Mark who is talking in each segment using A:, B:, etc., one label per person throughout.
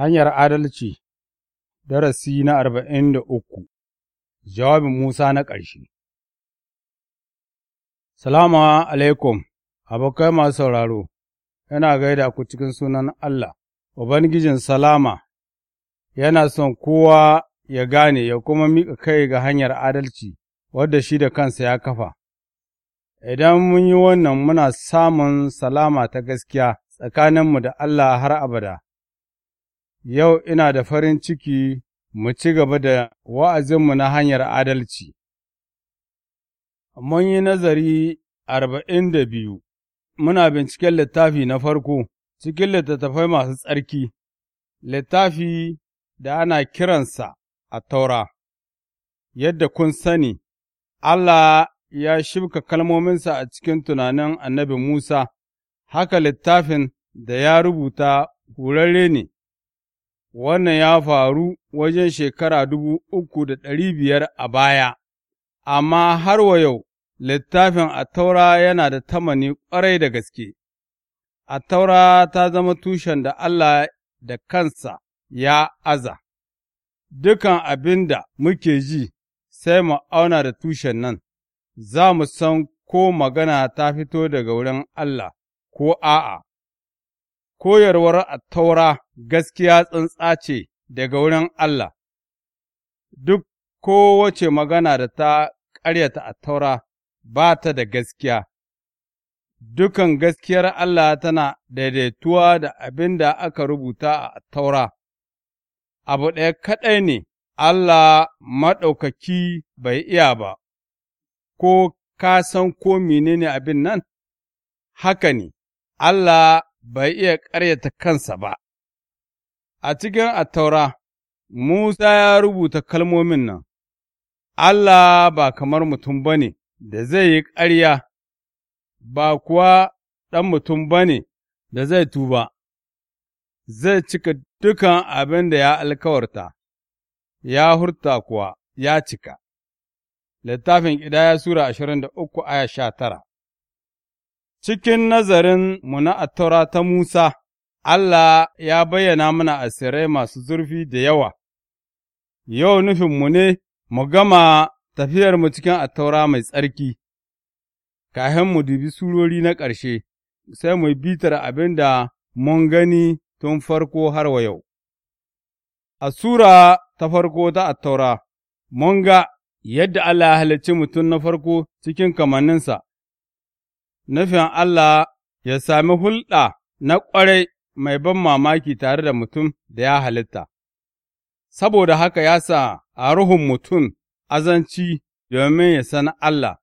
A: Hanyar Adalci Darasi na arba'in da uku Jawabin Musa na ƙarshe Salamu alaikum, abokai masu sauraro, yana gaida ku cikin sunan Allah, Ubangijin Salama, yana son kowa ya gane ya kuma miƙa kai ga hanyar adalci wadda shi da kansa ya kafa. Idan mun yi wannan muna samun salama ta gaskiya tsakaninmu da Allah har abada. yau ina da farin ciki mu ci gaba da wa'azinmu na hanyar adalci. Mun yi nazari arba'in da biyu, muna binciken littafi na farko cikin littattafai masu tsarki, littafi da ana kiransa a taura, yadda kun sani, Allah ya shibka kalmominsa a cikin tunanin annabi Musa, haka littafin da ya rubuta hurarre ne. wannan ya faru wajen shekara dubu uku da ɗari biyar a baya, amma har wa yau littafin attaura yana da tamani ƙwarai da gaske. Attaura ta zama tushen da Allah da kansa ya aza, dukan abin da muke ji sai mu auna da tushen nan, za mu san ko magana ta fito daga wurin Allah ko a'a. koyarwar taura gaskiya tsantsa ce daga wurin Allah, duk kowace magana da ta ƙaryata taura ba ta da gaskiya, dukan gaskiyar Allah tana daidaituwa da abin da aka rubuta a taura. abu ɗaya kaɗai ne Allah maɗaukaki bai iya ba, ko ka san ko menene abin nan? Haka ne, Allah bai iya ƙaryata kansa ba. A cikin attaura, Musa ya rubuta kalmomin nan, Allah ba kamar mutum ba ne da zai yi ƙarya, ba kuwa ɗan mutum ba ne da zai tuba, zai cika dukan abin da ya alkawarta, ya hurta kuwa ya cika. Littafin ƙidaya Sura ashirin da uku aya sha tara Cikin nazarin mu na Attaura ta Musa, Allah ya bayyana mana asirai masu zurfi da yawa, yau nufinmu ne mu gama tafiyarmu cikin Attaura mai tsarki, kahin mu dubi surori na ƙarshe, sai mu bitar abin da mun gani tun farko har wa yau. A Sura ta farko ta Attaura, mun ga yadda Allah ya halarci mutum na farko cikin kamanninsa. nufin Allah ya sami hulɗa na ƙwarai mai ban mamaki tare da mutum da ya halitta, saboda haka ya sa a ruhun mutum azanci domin ya san Allah,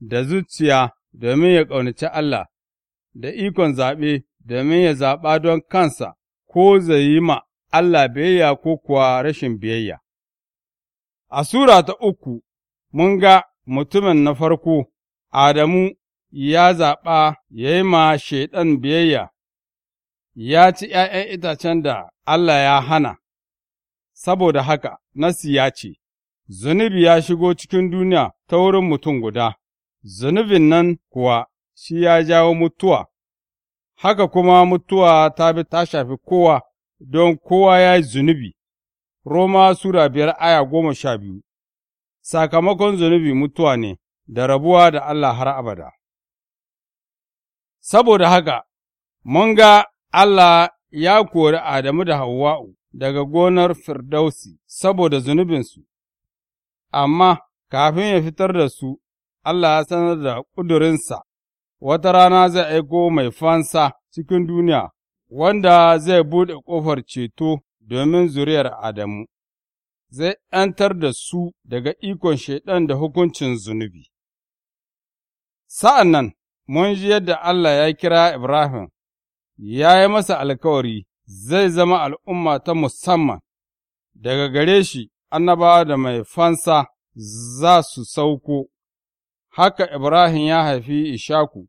A: da zuciya domin ya ƙaunaci Allah, da ikon zaɓe domin ya zaɓa don kansa ko zai yi ma Allah biyayya ko kuwa rashin biyayya. A Sura ta uku, mun ga mutumin na farko, Adamu ya zaɓa ya yi ma Shaiɗan biyayya, ya ci ’ya'yan itacen da Allah ya hana, saboda haka Nasi ya ce, Zunubi ya shigo cikin duniya ta wurin mutum guda, zunubin nan kuwa shi ya jawo mutuwa, haka kuma mutuwa ta bi ta shafi kowa don kowa ya yi zunubi. Roma Sura biyar aya goma sha biyu Sakamakon zunubi mutuwa ne da rabuwa da Allah har abada. saboda haka, mun ga Allah ya kori Adamu da Hawwa'u daga gonar Firdausi saboda zunubinsu, amma kafin ya fitar da su, Allah ya sanar da ƙudurinsa, wata rana zai aiko mai fansa cikin duniya, wanda zai buɗe ƙofar ceto domin zuriyar Adamu, zai ’yantar da su daga ikon Shaiɗan da hukuncin zunubi. Sa'an nan, mun ji yadda Allah ya kira Ibrahim, ya yi masa alkawari zai zama al'umma ta musamman, daga gare shi annabawa da mai fansa za su sauko, haka Ibrahim ya haifi Ishaku,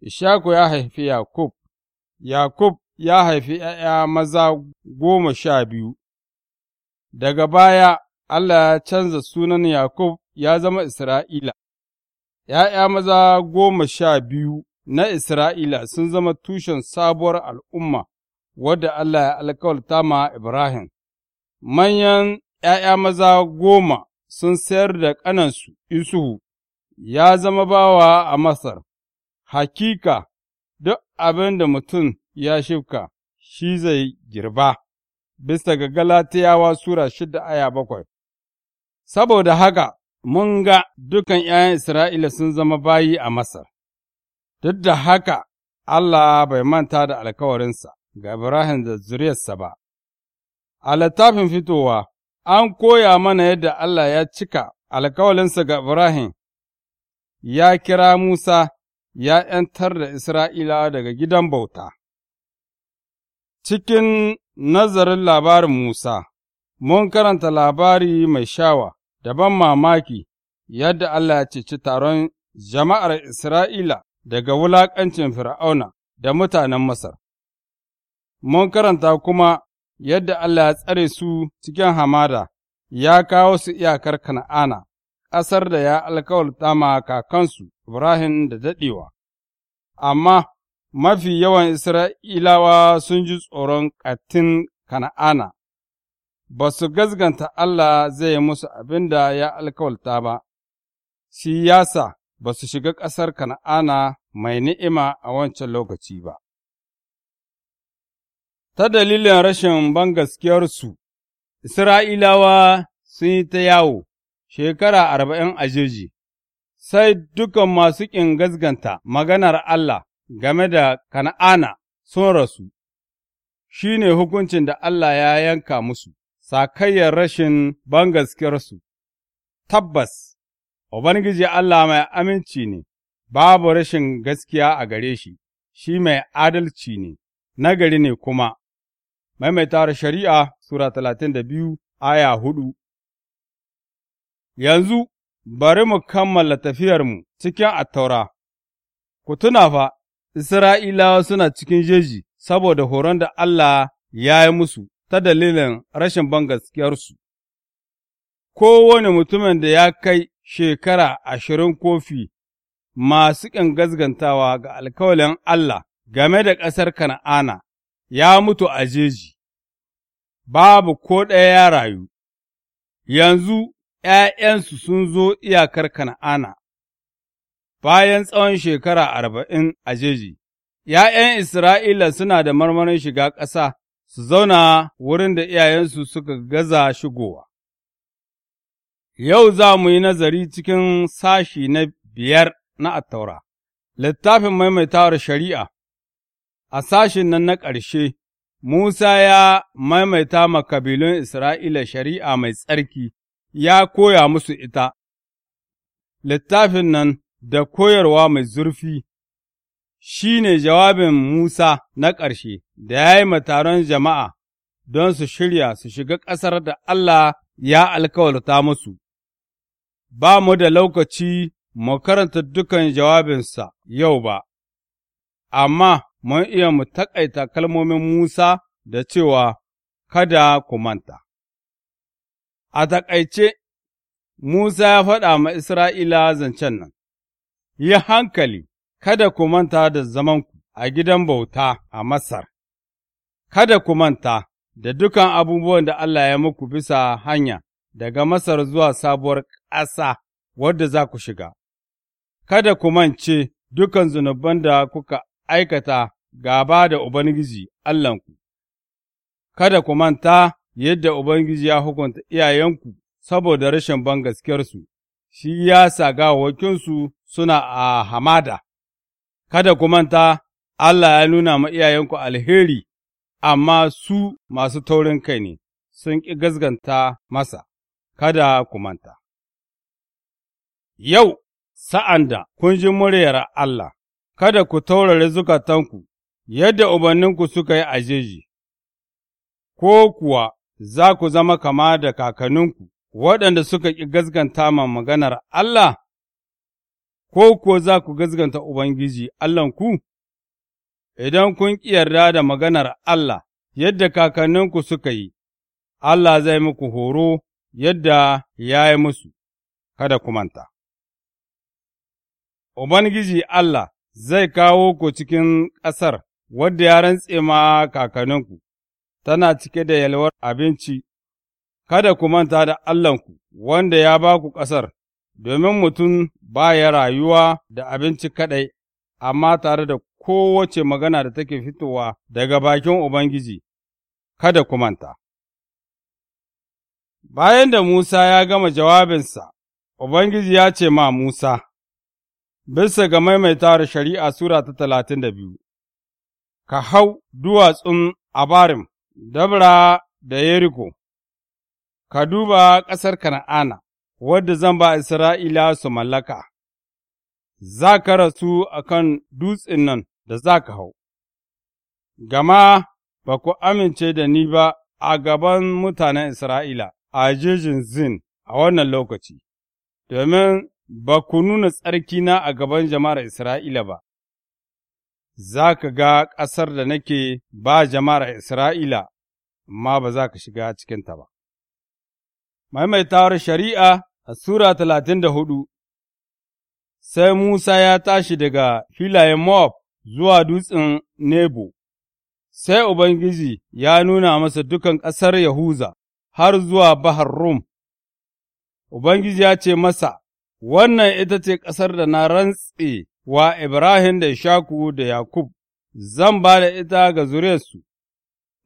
A: Ishaku ya haifi Yakub, Yakub ya haifi ’ya'ya maza goma sha biyu, daga baya Allah ya canza sunan Yakub ya zama Isra'ila. ’ya'ya maza goma sha biyu na Isra'ila sun zama tushen sabuwar al'umma wadda Allah ya alkawarta ma Ibrahim, manyan ’ya'ya maza goma sun sayar da ƙanansu Isuhu, ya zama bawa a Masar, hakika duk abin da mutum ya shifka shi zai girba, bisa ga Galatiyawa Sura shida aya bakwai. Saboda haka, mun ga dukan ’ya'yan Isra'ila sun zama bayi a Masar, duk da haka Allah bai manta da alkawarinsa ga Ibrahim da zuriyarsa ba. A littafin fitowa, an koya mana yadda Allah ya cika alkawarinsa ga Ibrahim, ya kira Musa ya ’yantar da Isra'ila daga gidan bauta. Cikin nazarin labarin Musa, mun karanta labari mai shawa. da ban mamaki yadda Allah ya ceci taron jama'ar Isra'ila daga wulaƙancin Fir'auna da mutanen Masar. Mun karanta kuma yadda Allah ya tsare su cikin hamada, ya kawo su iyakar Kana'ana, ƙasar da ya alkawalta ma kakansu Ibrahim da daɗewa. Amma mafi yawan Isra'ilawa sun ji tsoron ƙattin Kana'ana ba su gazganta Allah zai yi musu abin da ya alkawalta ba, shi yasa ba su shiga ƙasar Kana'ana mai ni'ima a wancan lokaci ba. Ta dalilin rashin bangaskiyarsu, Isra'ilawa sun yi ta yawo shekara arba'in a jirji, sai dukan masu ƙin gazganta maganar Allah game da Kana'ana sun rasu, shi ne hukuncin da Allah ya yanka musu. sakayyar rashin bangaskiyarsu, tabbas, Ubangiji Allah mai aminci ne, babu rashin gaskiya a gare shi, shi mai adalci ne, nagari ne kuma, maimaitawar shari'a Sura talatin da biyu aya hudu. Yanzu, bari mu kammala tafiyarmu cikin attaura, ku tuna fa, Isra'ilawa suna cikin jeji saboda horon da Allah ya yi musu. ta dalilin rashin bangaskiyarsu. Kowane mutumin da ya kai shekara ashirin kofi masu ƙin gazgantawa ga alkawalin Allah game da ƙasar Kana'ana ya mutu a jeji, babu ko ɗaya ya rayu, yanzu ’ya'yansu sun zo iyakar Kana'ana, bayan tsawon shekara arba'in a jeji, ’ya'yan Isra'ila suna da marmarin shiga ƙasa su zauna wurin da iyayensu suka gaza shigowa. Yau za mu yi nazari cikin sashi na biyar na attaura, littafin maimaitawar shari'a, a sashin nan na ƙarshe, Musa ya maimaita ma kabilun Isra'ila shari'a mai tsarki, ya koya musu ita, littafin nan da koyarwa mai zurfi shi ne jawabin Musa na ƙarshe da ya yi taron jama'a don su shirya su shiga ƙasar da Allah ya alkawarta musu. Ba mu da lokaci mu karanta dukan jawabinsa yau ba, amma mun iya mu taƙaita kalmomin Musa da cewa kada ku manta. A taƙaice, Musa ya faɗa ma Isra'ila zancen nan, yi hankali. kada ku manta da zamanku a gidan bauta a Masar, kada ku manta da dukan abubuwan da Allah ya muku bisa hanya daga Masar zuwa sabuwar ƙasa wadda za ku shiga, kada ku mance dukan zunuban da kuka aikata gaba da Ubangiji Allahnku, kada ku manta yadda Ubangiji ya hukunta iyayenku saboda rashin bangaskiyarsu, shi ya sa gawakinsu suna a hamada. kada ku manta Allah ya nuna ma iyayenku alheri, amma su masu taurin kai ne, sun ƙi gazganta masa, kada ku manta. Yau, sa'an da kun ji muryar Allah, kada ku taurare zukatanku yadda ubanninku suka yi a jeji, ko kuwa za ku zama kama da kakanninku waɗanda suka ƙi gazganta ma maganar Allah ko kuwa za ku gazganta Ubangiji Allahnku? Idan kun yarda da maganar Allah yadda kakanninku suka yi, Allah zai muku horo yadda ya yi musu, kada ku manta. Ubangiji Allah zai kawo ku cikin ƙasar wadda ya rantse ma kakanninku, tana cike da yalwar abinci, kada ku manta da Allahnku wanda ya ba ku ƙasar. domin mutum ba ya rayuwa da abinci kaɗai, amma tare da kowace magana da take fitowa daga bakin Ubangiji, kada kumanta. Bayan da Musa ya gama jawabinsa, Ubangiji ya ce ma Musa, Bisa ga maimaitawar shari'a Sura ta talatin da biyu, ka hau duwatsun Abarim, Dabra da Yeriko, ka duba ƙasar Kana'ana, wadda zan ba Isra'ila su mallaka, za ka rasu a kan dutsen nan da za ka hau, gama ba ku amince da ni ba a gaban mutanen Isra'ila a jejin zin a wannan lokaci, domin ba ku nuna tsarkina a gaban jama'ar Isra'ila ba, za ka ga ƙasar da nake ba jama'ar Isra'ila, amma ba za ka shiga cikinta ba. Maimaitawar shari'a a Sura talatin da hudu Sai Musa ya tashi daga filayen Moab zuwa dutsen Nebo, sai Ubangiji ya nuna masa dukan ƙasar Yahuza har zuwa Bahar Rum. Ubangiji ya ce masa, Wannan ita ce ƙasar da na rantse wa Ibrahim da Ishaku da Yakub, zan ba da ita ga zuriyarsu,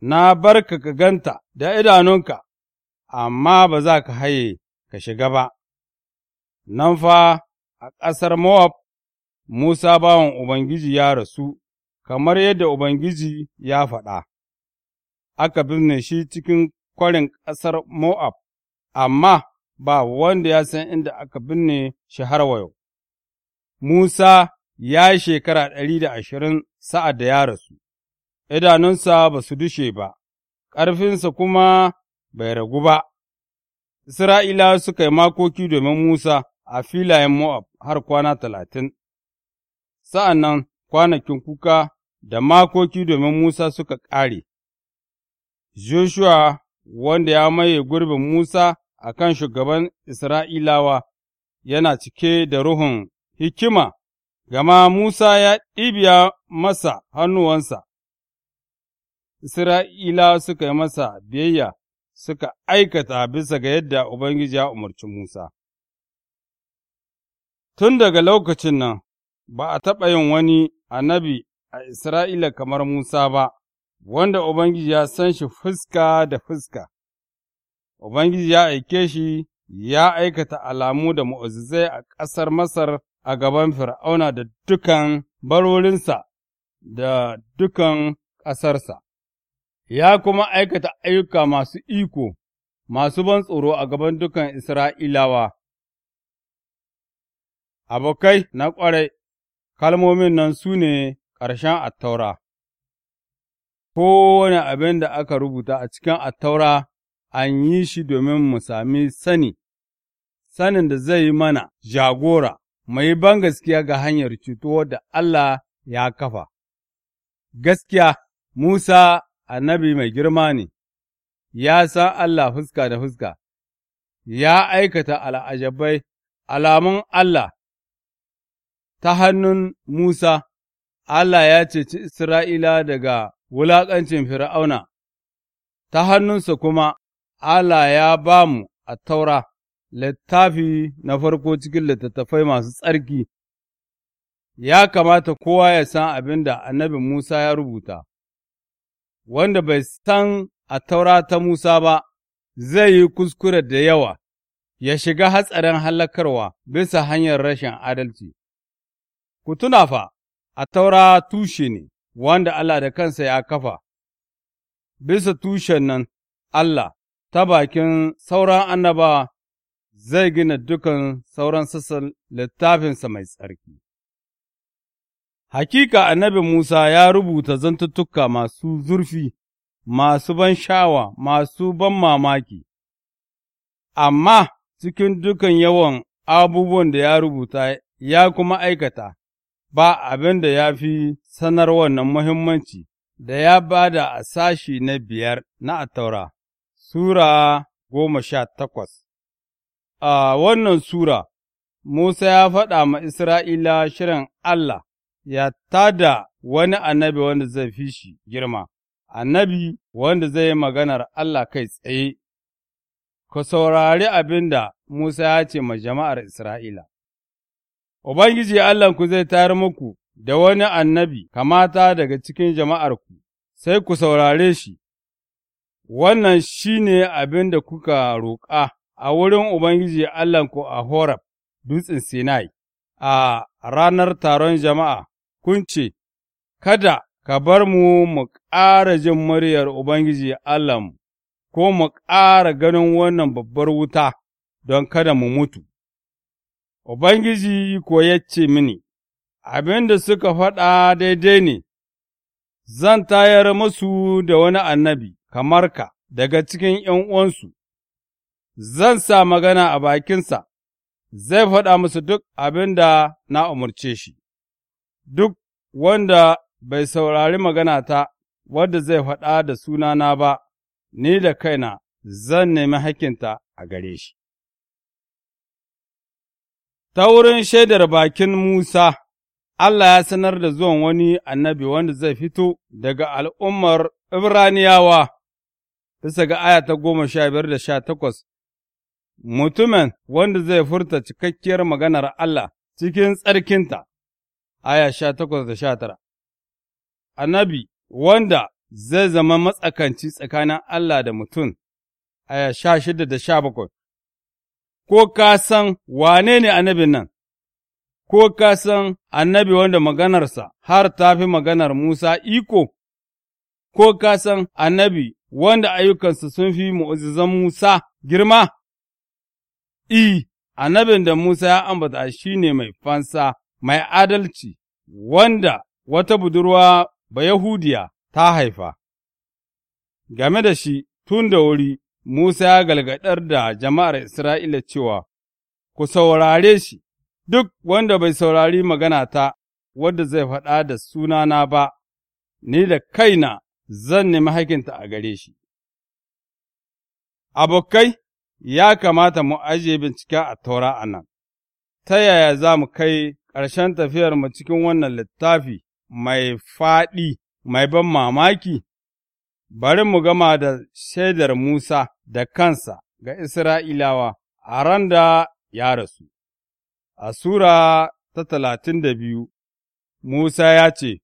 A: na barka ka ganta da idanunka, amma ba za ka haye ka shiga ba. nan fa a ƙasar Moab, Musa bawan Ubangiji ya rasu, kamar yadda Ubangiji ya faɗa, aka binne shi cikin kwarin ƙasar Moab, amma ba wanda ya san inda aka binne shi har wayo. Musa ya yi shekara ɗari da ashirin sa'ad da ya rasu, idanunsa ba su dushe ba, ƙarfinsa kuma bai ragu ba. Isra'ila suka yi makoki domin Musa, a filayen Moab har kwana talatin, sa'an nan kwanakin kuka da makoki domin Musa suka ƙare. Joshua wanda ya maye gurbin Musa a kan shugaban Isra'ilawa yana cike da ruhun hikima, gama Musa ya ɗibiya masa hannuwansa. Isra'ilawa suka yi masa biyayya suka aikata bisa ga yadda Ubangiji ya umarci Musa. Tun daga lokacin nan, ba a taɓa yin wani annabi a Isra'ila kamar Musa ba, wanda Ubangiji ya san shi fuska da fuska, Ubangiji ya aike shi ya aikata alamu da mu'azizai a ƙasar Masar a gaban Fir'auna da dukan barorinsa da dukan ƙasarsa, ya kuma aikata ayyuka masu iko, masu ban tsoro a gaban dukan Isra'ilawa. abokai na ƙwarai, kalmomin nan su ne ƙarshen attaura. Kowane abin da aka rubuta a cikin attaura an yi shi domin mu sami sani, sanin da zai yi mana jagora, mai ban gaskiya ga hanyar cutuwa da Allah ya kafa. Gaskiya, Musa annabi mai girma ne, ya san Allah fuska da fuska, ya aikata al'ajabai, alamun Allah ta hannun Musa, Allah ya ceci Isra'ila daga wulaƙancin Fir'auna, ta hannunsa kuma Allah ya ba mu a taura, littafi na farko cikin littattafai masu tsarki, ya kamata kowa ya san abin da annabi Musa ya rubuta, wanda bai san a taura ta Musa ba, zai yi kuskure da yawa, ya shiga hatsarin hallakarwa bisa hanyar rashin adalci. Ku tuna fa, a taura tushe ne wanda Allah da kansa ya kafa, bisa tushen nan Allah ta bakin sauran annaba zai gina dukan sauran sassan littafinsa mai tsarki. Hakika annabi Musa ya rubuta zantuttuka masu zurfi, masu ban sha'awa, masu ban mamaki, amma cikin dukan yawan abubuwan da ya rubuta ya kuma aikata, ba abin da ya fi sanar wannan muhimmanci da ya ba da a sashi na biyar na taura! Sura goma sha takwas. A wannan Sura, Musa ya faɗa ma Isra'ila shirin Allah ya tada wani annabi wanda zai fi shi girma, annabi wanda zai yi maganar Allah kai tsaye, Ka saurari abin da Musa ya ce ma jama'ar Isra'ila. Ubangiji Allahnku zai tayar muku da wani annabi kamata daga cikin jama'arku, sai ku saurare shi, wannan shi ne abin da kuka roƙa a wurin Ubangiji Allahnku a Horab, dutsen Sinai, a ranar taron jama'a, kun ce, Kada ka bar mu mu ƙara jin muryar Ubangiji Allahnmu, ko mu ƙara ganin wannan babbar wuta don kada mu mutu. Ubangiji ko ya ce mini, Abin da suka faɗa daidai ne, zan tayar musu da wani annabi kamar ka daga cikin ’yan uwansu, zan sa magana a bakinsa, zai faɗa musu duk abin da na umarce shi, duk wanda bai saurari magana ta wadda zai faɗa da sunana ba, ni da kaina zan nemi hakinta a gare shi. Ta wurin shaidar bakin Musa, Allah ya sanar da zuwan wani annabi wanda zai fito daga al'ummar Ibraniyawa, bisa ga aya ta goma sha biyar da sha takwas, mutumin wanda zai furta cikakkiyar maganar Allah cikin tsarkinta, aya sha takwas da sha tara. Annabi wanda zai zama matsakanci tsakanin Allah da mutum, aya sha shida da sha bakwai. ko ka san wane ne annabin nan, ko ka san annabi wanda maganarsa har ta fi maganar Musa iko, ko ka san annabi wanda ayyukansa sun fi mu'ujizan Musa girma? I, annabin da Musa ya ambata shi ne mai fansa, mai adalci, wanda wata budurwa ba Yahudiya ta haifa. Game da shi tun da wuri Musa ya galgadar da jama'ar Isra'ila cewa, Ku saurare shi, duk wanda bai saurari magana ta wadda zai faɗa da sunana ba, ni da kaina zan nemi hakinta a gare shi. Abokai, ya kamata mu ajiye bincike a taura a nan, ta yaya za mu kai ƙarshen tafiyarmu cikin wannan littafi mai faɗi, mai ban mamaki? Bari mu gama da shaidar Musa, da kansa ga Isra'ilawa a ran da ya rasu. A Sura ta talatin da biyu, Musa ya ce,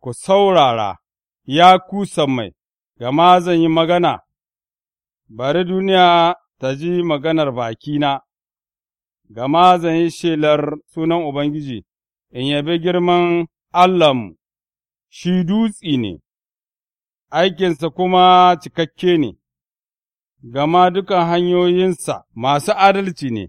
A: Ku saurara, ya kusan mai, gama zan yi magana, bari duniya ta ji maganar bakina, gama zan yi shelar sunan Ubangiji, in yabi girman Allahnmu, shi dutsi ne, aikinsa kuma cikakke ne. gama dukan hanyoyinsa masu adalci ne,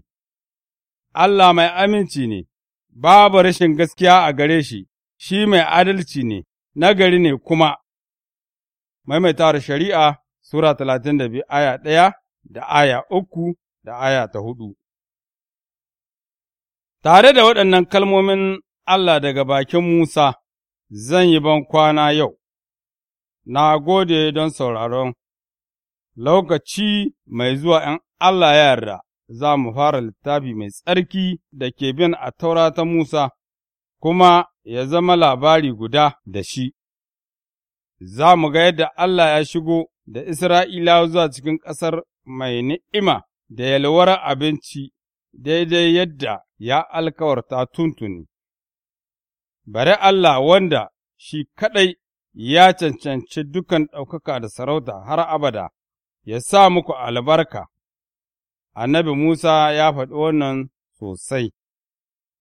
A: Allah mai aminci ne, babu rashin gaskiya a gare shi, shi mai adalci ne, nagari ne kuma. Maimaitawar shari'a Sura talatin da biyu aya ɗaya da aya uku da aya ta hudu. Tare da waɗannan kalmomin Allah daga bakin Musa, zan yi ban kwana yau, na gode don sauraron. lokaci mai zuwa 'yan Allah ya yarda, za mu fara littafi mai tsarki da ke bin a taura ta Musa, kuma ya zama labari guda da shi. Za mu ga yadda Allah ya shigo da Isra'ila zuwa cikin ƙasar mai ni'ima da yalwar abinci daidai yadda ya alkawarta tuntuni. Bari Allah wanda shi kaɗai ya cancanci dukan ɗaukaka da sarauta har abada, ya sa muku albarka, annabi Musa ya faɗi wannan sosai,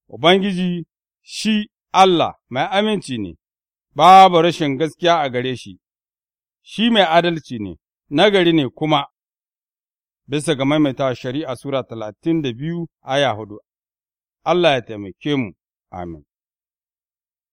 A: Ubangiji shi Allah mai aminci ne, babu rashin gaskiya a gare shi, shi mai adalci ne, nagari ne kuma, bisa ga maimaita shari'a Sura talatin da biyu aya hudu, Allah ya taimake mu, amin.